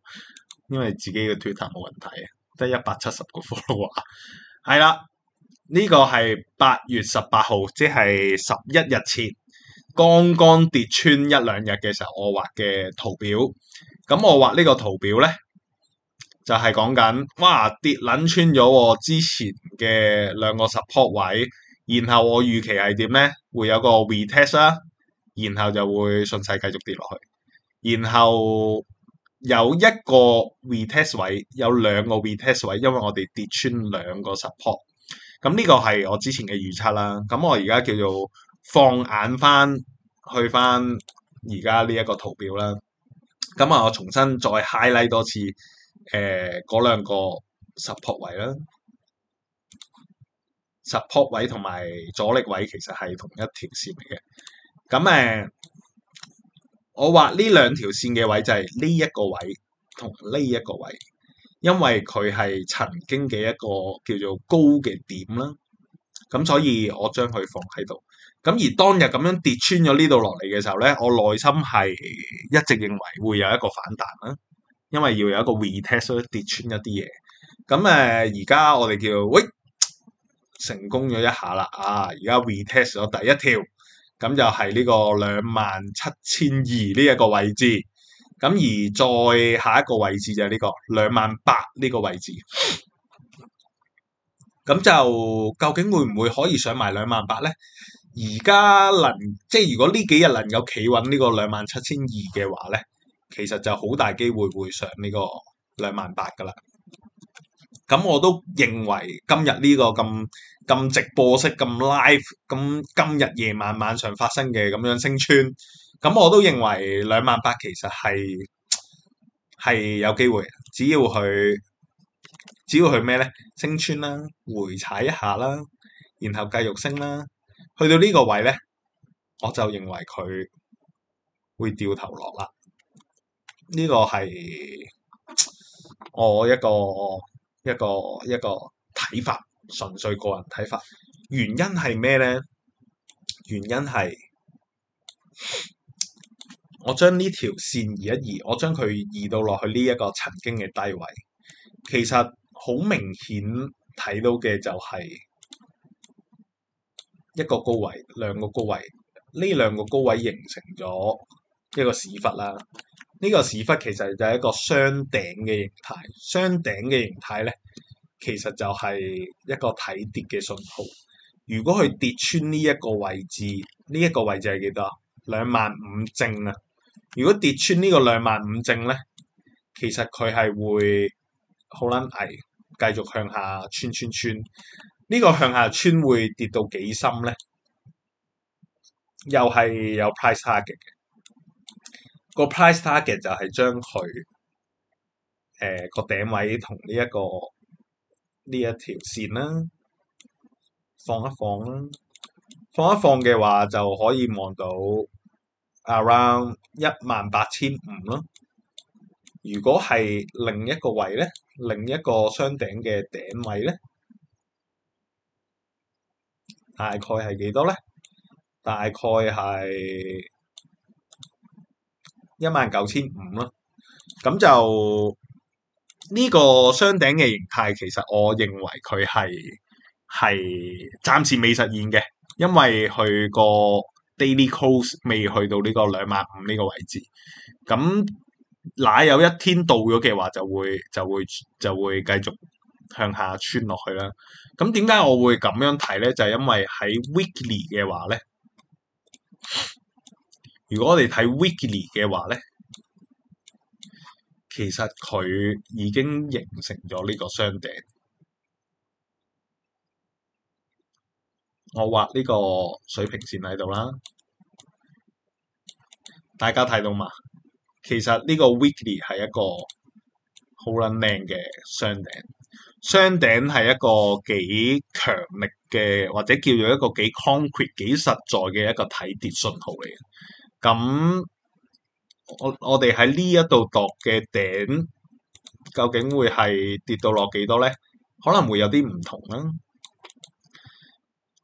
因為自己嘅 Twitter 冇人睇，得一百七十個 follower，啊。係 啦，呢、呢個係八月十八號，即係十一日前。剛剛跌穿一兩日嘅時候，我畫嘅圖表，咁我畫呢個圖表咧，就係講緊，哇跌撚穿咗我之前嘅兩個 support 位，然後我預期係點咧？會有個 retest 啦，然後就會順勢繼續跌落去，然後有一個 retest 位，有兩個 retest 位，因為我哋跌穿兩個 support，咁呢個係我之前嘅預測啦，咁我而家叫做。放眼翻去翻而家呢一個圖表啦，咁啊，我重新再 highlight 多次，誒、呃，嗰兩個 support 位啦，support 位同埋阻力位其實係同一條線嚟嘅。咁誒、呃，我畫呢兩條線嘅位就係呢一個位同呢一個位，因為佢係曾經嘅一個叫做高嘅點啦，咁所以我將佢放喺度。咁而當日咁樣跌穿咗呢度落嚟嘅時候咧，我內心係一直認為會有一個反彈啦，因為要有一個 retest 所咯，跌穿一啲嘢。咁、嗯、誒，而家我哋叫喂，成功咗一下啦，啊！而家 retest 咗第一跳，咁、嗯、就係、是、呢個兩萬七千二呢一個位置。咁、嗯、而再下一個位置就係呢、這個兩萬八呢個位置。咁、嗯、就究竟會唔會可以上埋兩萬八咧？而家能即係如果幾27，呢幾日能夠企穩呢個兩萬七千二嘅話咧，其實就好大機會會上呢個兩萬八噶啦。咁我都認為今日呢個咁咁直播式咁 live 咁今日夜晚晚上發生嘅咁樣升穿，咁我都認為兩萬八其實係係有機會，只要去，只要佢只要佢咩咧升穿啦，回踩一下啦，然後繼續升啦。去到呢個位咧，我就認為佢會掉頭落啦。呢個係我一個一個一個睇法，純粹個人睇法。原因係咩咧？原因係我將呢條線移一移，我將佢移到落去呢一個曾經嘅低位。其實好明顯睇到嘅就係。一個高位，兩個高位，呢兩個高位形成咗一個屎忽啦。呢個屎忽其實就係一個雙頂嘅形態，雙頂嘅形態咧，其實就係一個睇跌嘅信號。如果佢跌穿呢一個位置，呢一個位置係幾多？兩萬五正啊！如果跌穿呢個兩萬五正咧，其實佢係會好撚危，繼續向下穿穿穿。呢個向下穿會跌到幾深咧？又係有 price target 嘅。個 price target 就係將佢誒個頂位同呢、這、一個呢一條線啦，放一放啦，放一放嘅話就可以望到 around 一萬八千五咯。如果係另一個位咧，另一個雙頂嘅頂位咧。大概係幾多咧？大概係一萬九千五咯。咁就呢、呢個雙頂嘅形態，其實我認為佢係係暫時未實現嘅，因為佢個 daily close 未去到呢個兩萬五呢個位置。咁哪有一天到咗嘅話就，就會就會就會繼續。向下穿落去啦。咁點解我會咁樣睇咧？就係因為喺 weekly 嘅話咧，如果我哋睇 weekly 嘅話咧，其實佢已經形成咗呢個雙頂。我畫呢個水平線喺度啦，大家睇到嘛？其實呢個 weekly 係一個好撚靚嘅雙頂。雙頂係一個幾強力嘅，或者叫做一個幾 concrete、幾實在嘅一個睇跌信號嚟嘅。咁我我哋喺呢一度度嘅頂，究竟會係跌到落幾多咧？可能會有啲唔同啦、啊。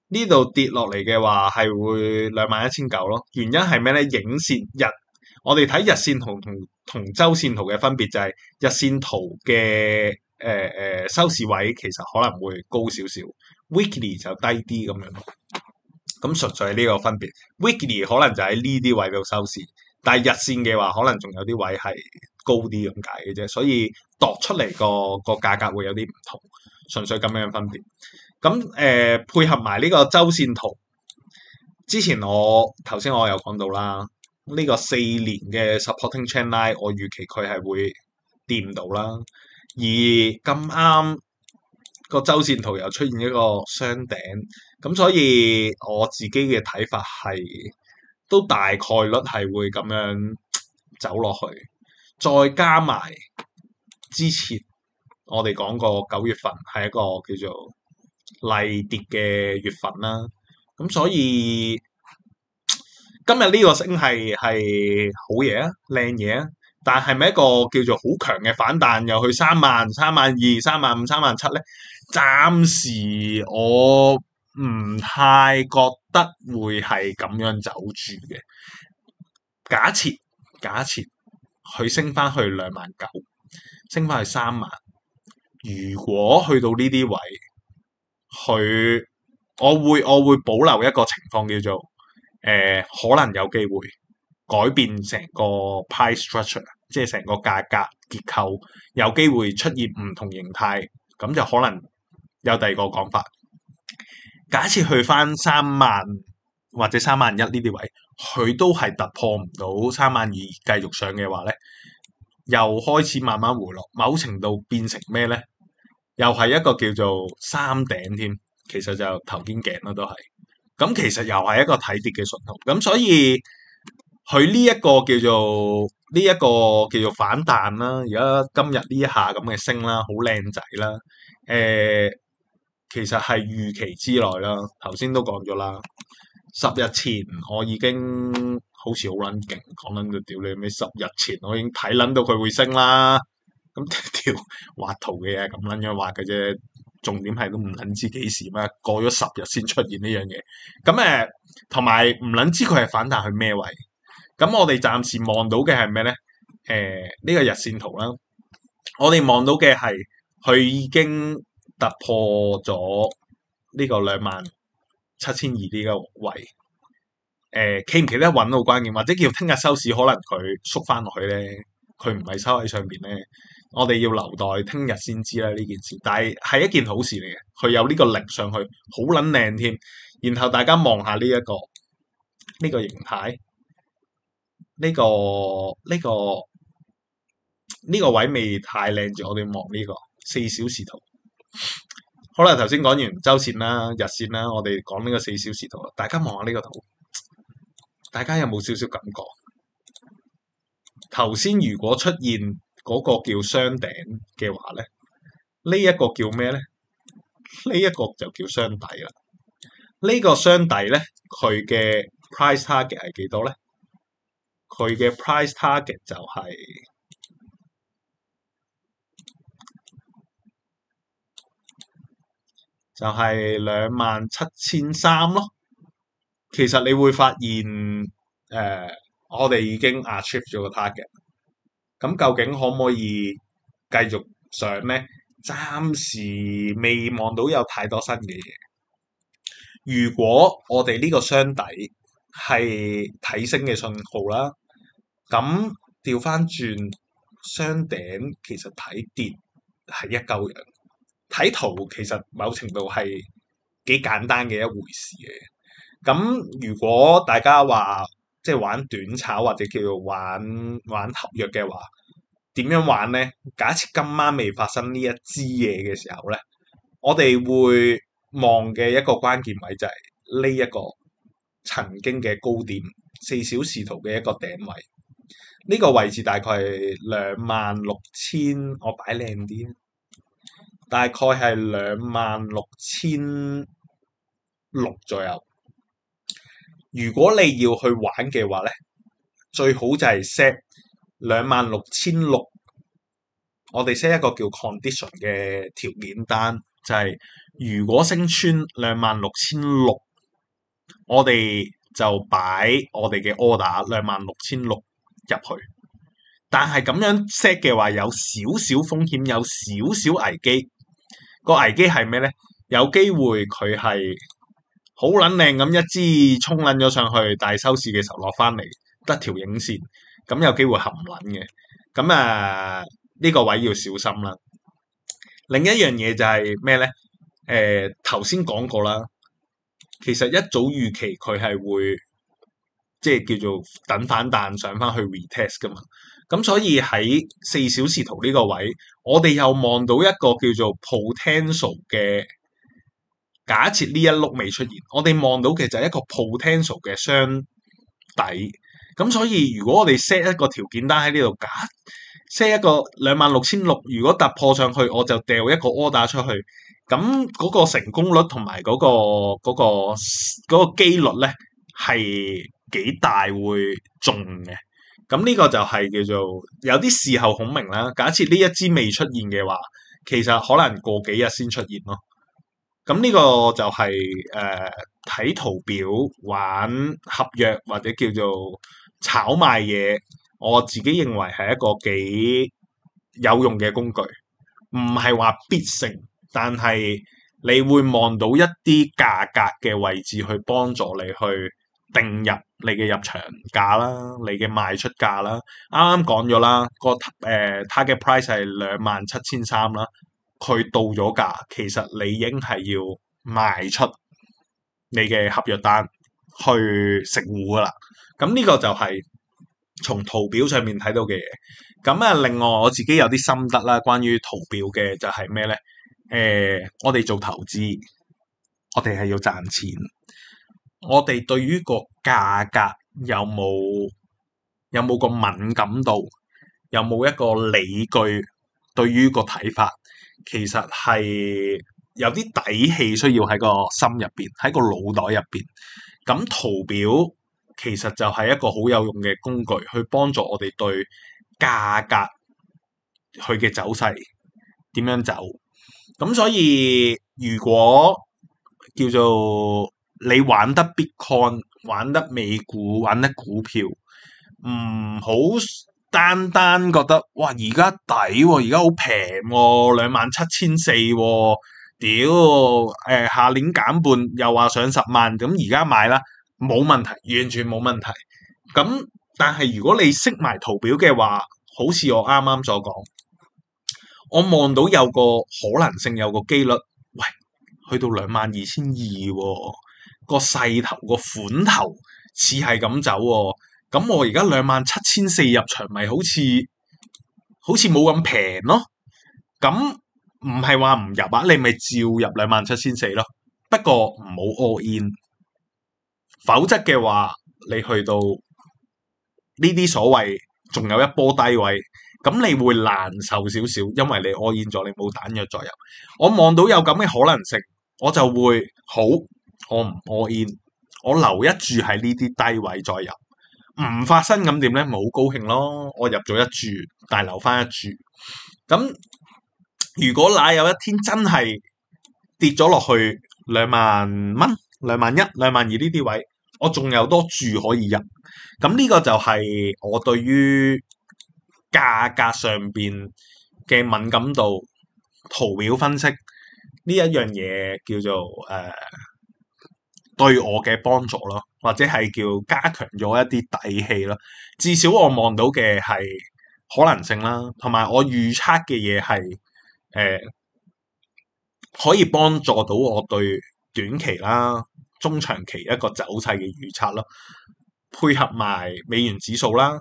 呢度跌落嚟嘅話，係會兩萬一千九咯。原因係咩咧？影線日，我哋睇日線圖同同周線圖嘅分別就係日線圖嘅。誒誒、呃、收市位其實可能會高少少，weekly 就低啲咁樣咯。咁純粹係呢個分別，weekly 可能就喺呢啲位度收市，但係日線嘅話，可能仲有啲位係高啲咁解嘅啫。所以度出嚟個個價格會有啲唔同，純粹咁樣分別。咁誒、呃、配合埋呢個周線圖，之前我頭先我有講到啦，呢、這個四年嘅 supporting trend line，我預期佢係會掂到啦。而咁啱個周線圖又出現一個雙頂，咁所以我自己嘅睇法係都大概率係會咁樣走落去。再加埋之前我哋講過九月份係一個叫做例跌嘅月份啦，咁所以今日呢個升係係好嘢啊，靚嘢啊！但係咪一個叫做好強嘅反彈，又去三萬、三萬二、三萬五、三萬七咧？暫時我唔太覺得會係咁樣走住嘅。假設，假設佢升翻去兩萬九，升翻去三萬。如果去到呢啲位，去我會我會保留一個情況，叫做誒、呃、可能有機會。改變成個 price structure，即係成個價格結構，有機會出現唔同形態，咁就可能有第二個講法。假設去返三萬或者三萬一呢啲位，佢都係突破唔到三萬二繼續上嘅話咧，又開始慢慢回落，某程度變成咩咧？又係一個叫做三頂添，其實就頭肩頸咯，都係。咁其實又係一個睇跌嘅訊號，咁所以。佢呢一個叫做呢一個叫做反彈啦，而家今日呢一下咁嘅升啦，好靚仔啦。誒、呃，其實係預期之內啦。頭先都講咗啦，十日前我已經好似好撚勁，講撚到屌你咩？十日前我已經睇撚到佢會升啦。咁條畫圖嘅嘢咁撚樣畫嘅啫。重點係都唔撚知幾時咩，過咗十日先出現呢樣嘢。咁、嗯、誒，同埋唔撚知佢係反彈去咩位？咁我哋暫時望到嘅係咩咧？誒、呃、呢、這個日線圖啦，我哋望到嘅係佢已經突破咗呢個兩萬七千二呢個位。誒，企唔企得穩到關鍵，或者叫聽日收市可能佢縮翻落去咧，佢唔係收喺上邊咧。我哋要留待聽日先知啦呢件事，但係係一件好事嚟嘅，佢有呢個力上去，好撚靚添。然後大家望下呢一個呢、這個形態。呢個呢個呢個位未太靚住，我哋望呢個四小時圖。好啦，頭先講完周線啦、日線啦，我哋講呢個四小時圖啦。大家望下呢個圖，大家有冇少少感覺？頭先如果出現嗰個叫雙頂嘅話咧，呢一個叫咩咧？呢一個就叫雙底啦。呢個雙底咧，佢嘅 price target 係幾多咧？佢嘅 price target 就係就係兩萬七千三咯。其實你會發現，誒、呃，我哋已經 achieve 咗個 target。咁究竟可唔可以繼續上咧？暫時未望到有太多新嘅嘢。如果我哋呢個箱底？係睇升嘅信號啦，咁調翻轉雙頂，其實睇跌係一鳩樣。睇圖其實某程度係幾簡單嘅一回事嘅。咁如果大家話即係玩短炒或者叫做玩玩合約嘅話，點樣玩咧？假設今晚未發生呢一支嘢嘅時候咧，我哋會望嘅一個關鍵位就係呢一個。曾經嘅高點，四小時圖嘅一個頂位，呢、這個位置大概係兩萬六千，我擺靚啲，大概係兩萬六千六左右。如果你要去玩嘅話咧，最好就係 set 兩萬六千六，我哋 set 一個叫 condition 嘅條件單，就係、是、如果升穿兩萬六千六，我哋就擺我哋嘅 order 兩萬六千六入去，但係咁樣 set 嘅話有少少風險，有少少危機。個危機係咩咧？有機會佢係好捻靚咁一支衝捻咗上去，但係收市嘅時候落翻嚟得條影線，咁有機會冚捻嘅。咁啊呢個位要小心啦。另一樣嘢就係咩咧？誒頭先講過啦。其實一早預期佢係會即係叫做等反彈上返去 retest 㗎嘛，咁所以喺四小時圖呢個位，我哋又望到一個叫做 potential 嘅假設呢一碌未出現，我哋望到其實係一個 potential 嘅箱底，咁所以如果我哋 set 一個條件單喺呢度，set 一個兩萬六千六，如果突破上去，我就掉一個 order 出去。咁嗰個成功率同埋嗰個嗰、嗰個嗰個機率咧，係幾大會中嘅。咁呢個就係叫做有啲事後孔明啦。假設呢一支未出現嘅話，其實可能過幾日先出現咯。咁呢個就係誒睇圖表玩合約或者叫做炒賣嘢，我自己認為係一個幾有用嘅工具，唔係話必勝。但係你會望到一啲價格嘅位置去幫助你去定入你嘅入場價啦，你嘅賣出價啦。啱啱講咗啦，個誒，佢嘅 price 係兩萬七千三啦，佢到咗價，其實你已經係要賣出你嘅合約單去食糊噶啦。咁呢個就係從圖表上面睇到嘅嘢。咁啊，另外我自己有啲心得啦，關於圖表嘅就係咩咧？誒、呃，我哋做投資，我哋係要賺錢。我哋對於個價格有冇有冇個敏感度，有冇一個理據？對於個睇法，其實係有啲底氣需要喺個心入邊，喺個腦袋入邊。咁圖表其實就係一個好有用嘅工具，去幫助我哋對價格，佢嘅走勢點樣走。咁所以，如果叫做你玩得 Bitcoin，玩得美股，玩得股票，唔、嗯、好單單覺得，哇！而家抵喎，而家好平喎，兩萬七千四喎、啊，屌！誒、呃，下年減半又話上十萬，咁而家買啦，冇問題，完全冇問題。咁、嗯、但係如果你識埋圖表嘅話，好似我啱啱所講。我望到有個可能性，有個機率，喂，去到兩萬二千二個勢頭個款頭似係咁走、哦，咁、嗯、我而家兩萬七千四入場，咪好似好似冇咁平咯？咁唔係話唔入啊？你咪照入兩萬七千四咯。不過唔好 all in，否則嘅話，你去到呢啲所謂仲有一波低位。咁你會難受少少，因為你 all in 咗，你冇彈藥再入，我望到有咁嘅可能性，我就會好，我唔 all in 我留一注喺呢啲低位再入，唔發生咁點咧，咪好高興咯，我入咗一注，但留翻一注。咁如果奶有一天真係跌咗落去兩萬蚊，兩萬一、兩萬二呢啲位，我仲有多注可以入，咁呢個就係我對於。價格上邊嘅敏感度，圖表分析呢一樣嘢叫做誒、呃、對我嘅幫助咯，或者係叫加強咗一啲底氣咯。至少我望到嘅係可能性啦，同埋我預測嘅嘢係誒可以幫助到我對短期啦、中長期一個走勢嘅預測咯。配合埋美元指數啦。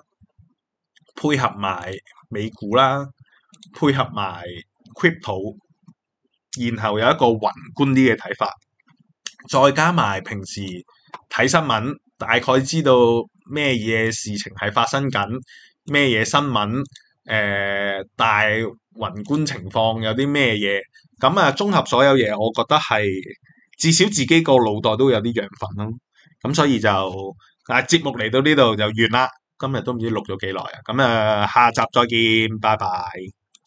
配合埋美股啦，配合埋 crypto，然後有一個宏觀啲嘅睇法，再加埋平時睇新聞，大概知道咩嘢事情係發生緊，咩嘢新聞，誒、呃、大宏觀情況有啲咩嘢，咁啊綜合所有嘢，我覺得係至少自己個腦袋都有啲養分咯，咁、嗯、所以就啊節、嗯、目嚟到呢度就完啦。今日都唔知錄咗幾耐啊！咁啊，呃，下集再見，拜拜。